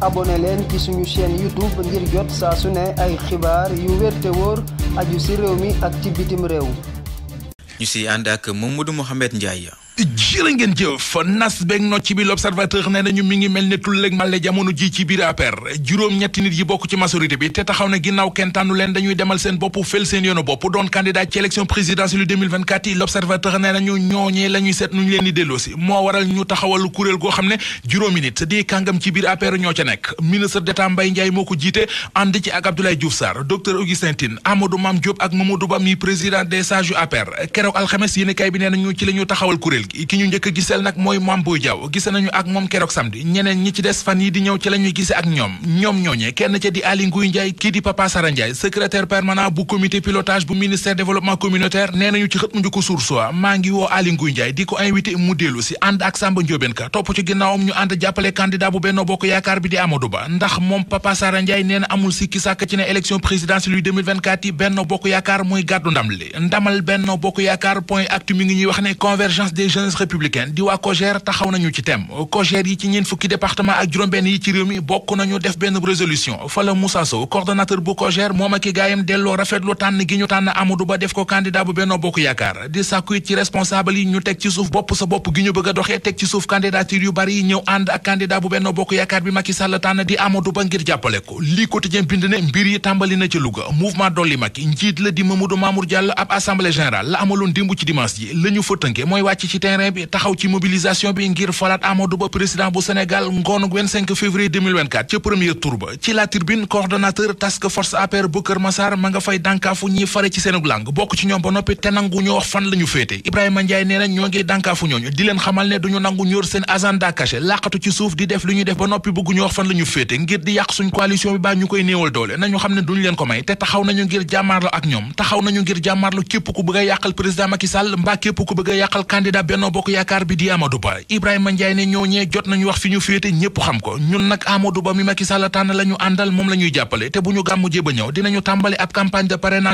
abonné leen ci suñu chaîne YouTube ngir jot saa su ne ay xibaar yu wér te wóor aju ci réew mi ak ci bitim réew. ñu si ànd ak Mamadou Mouhamed Ndiaye. jërë ngeen jëf nas beeg nocc bi l'observateur nee nañu mi ngi mel ne tulleeg màlle jamono ji ci biir APR juróom-ñetti nit yi bokk ci majorité bi te taxaw ne ginnaaw kenn tànnu leen dañuy demal seen bopp fel seen yoonu bopp doon candidat ci élection présidentielle 2024 yi l'observateur nee nañu ñooñee la ñuy seet nu ñu leen di delloosi moo waral ñu taxawal kuréel goo xam ne juróomi nit di kàngam ci biir APR ñoo ca nekk ministre la ñu taxawal kuréel ki ñu njëkk a giseel nag mooy Mame Boye Diao gise nañu ak moom keroog samedi ñeneen ñi ci des fan yi di ñëw ci la gise ak ñoom ñoom ñooñee kenn ca di Aly Ngouille Ndiaye kii di Papa Sara Ndiaye secrétaire permanent bu comité pilotage bu ministère développement communautaire nee nañu ci xët mu njëkk source maa ngi woo Aly Ngouille Ndiaye di ko invité mu dellu ànd ak Samba Ndiobène Ka topp ci ginnaawam ñu ànd jàppale candidat bu Benno Bokk Yaakaar bi di jeunesse républicaine di waa COJER taxaw nañu ci tem COJER yi ci ñeen fukki département ak juróom-benn yi ci réew mi bokk nañu def benn résolution fa la Moussa Sow coordonnateur bu COJER moom ak i gaayam delloo rafetlu tànn gi ñu tànn Amadou Ba def ko candidat bu Benno Bokk Yaakaar di sàkku it ci responsable yi ñu teg ci suuf bopp sa bopp gi ñu bëgg a doxee teg ci suuf candidature yu bari yi ñëw ànd ak candidat bu Benno Bokk Yaakaar bi Macky Sall tànn di Amadou Ba ngir jàppale ko lii quotidien bind ne mbir yi tàmbali na ci Louga mouvement dolli Macky njiit la di Mamadou Mamour Diallo ab terrain bi taxaw ci mobilisation bi ngir falaat Amadou Ba président bu Sénégal ngoonu 25 février ca premier tour ba ci la tribune coordonnateur task force APR bu Kër Massar ma nga fay dànkaafu ñiy fare ci seenug làng bokk ci ñoom ba noppi te nangu ñoo wax fan la féete Ibrahima Ndiaye nee ñoo ngi dànkaafu ñooñu di leen xamal ne duñu nangu ñóor seen agenda caché laqatu ci suuf di def li ñuy def ba noppi bëgg wax fan la ñu féete ngir di yàq suñ coalition bi Benno Bokk Yaakaar bi di Amadou Ba Ibrahima Ndiaye ne la ñu àndal moom la ñuy jàppale te bu ñu gàmmu jéba ñëw dinañu tàmbali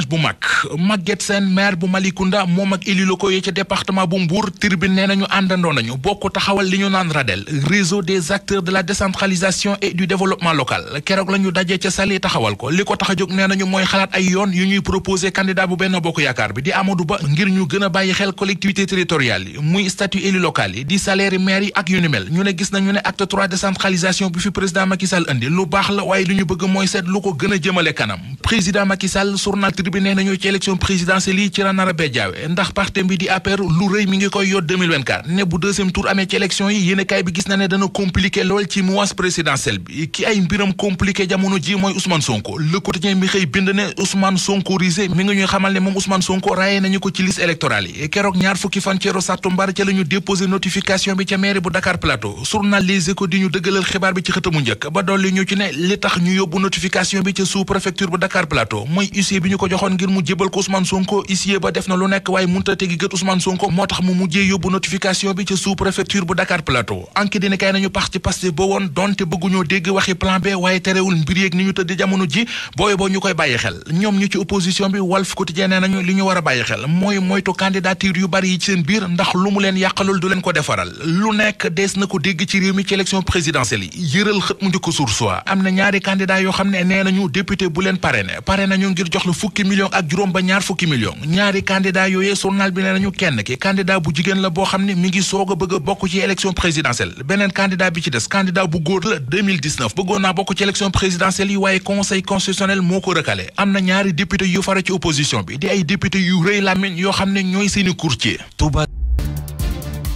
bu mag Maguette Sène maire bu Malicounda moom ak élu locaux yi ca département bu Mbour tribune nee nañu àndandoo nañu bokk taxawal li ñu naan radel réseau des acteurs de la décentralisation et du développement local keroog la ñu dajee ca Saly taxawal ko li ko tax a jóg nee nañu mooy xalaat ay yoon yu ñuy proposé candidat bu Benno Bokk Yaakaar bi di Amadou Ba ngir ñu gën a bàyyi xel collectivité territoriale muy statut élu local yi di salaire maire yi ak yu ni mel ñu ne gis nañu ne acte trois décentralisation bi fi président Macky indi lu baax la waaye li ñu bëgg mooy seet lu ko gën jëmale kanam président Macky Sall Tribune nañu ci élection présidentielle yi ci la nar ndax parti bi di APR lu rëy mi ngi koy yoot ne bu deuxième tour amee ci élection yi yéen bi gis na ne dana compliqué lool ci mois présidentielle bi ki ay xibaar ca la déposé notification bi ca mairie bu Dakar Plateau journal Les di ñu dëggalal xibaar bi ci xëtamu njëkk ba dolli ñu ci ne li ñu ko joxoon ngir mu jébal ko Ousmane Sonko huissier ba def na lu nekk waaye munta tegi gët Ousmane Sonko moo tax mu mujjee yóbbu notification bi ca sous préfecture bu Dakar Plateau anki kay nañu pax ci Pastef ba woon donte bëgguñoo dégg waxi plan B waaye terewul mbir yeeg ni ñu tëdd jamono ji booy boo ñu koy bàyyi mu leen yàqalul du leen ko defaral lu nekk des na ko dégg ci réew mi ci élection présidentielle yi yëral xët mu njëkk sur am na ñaari candidat yoo xam ne nee nañu député bu leen parrainé parrainé nañu ngir jox la fukki million ak juróom ba ñaar fukki million ñaari candidat yooyee journal bi nee nañu kenn ki candidat bu jigéen la boo xam ne mi ngi soog bëgg a bokk ci élection présidentielle beneen candidat bi ci des candidat bu góor la 2019 bëggoon naa bokk ci élection présidentielle yi waaye conseil constitutionnel moo ko recalé am na ñaari député yu fara ci bi di ay député yu rëy làmmiñ yoo xam ne ñooy seeni courtier Touba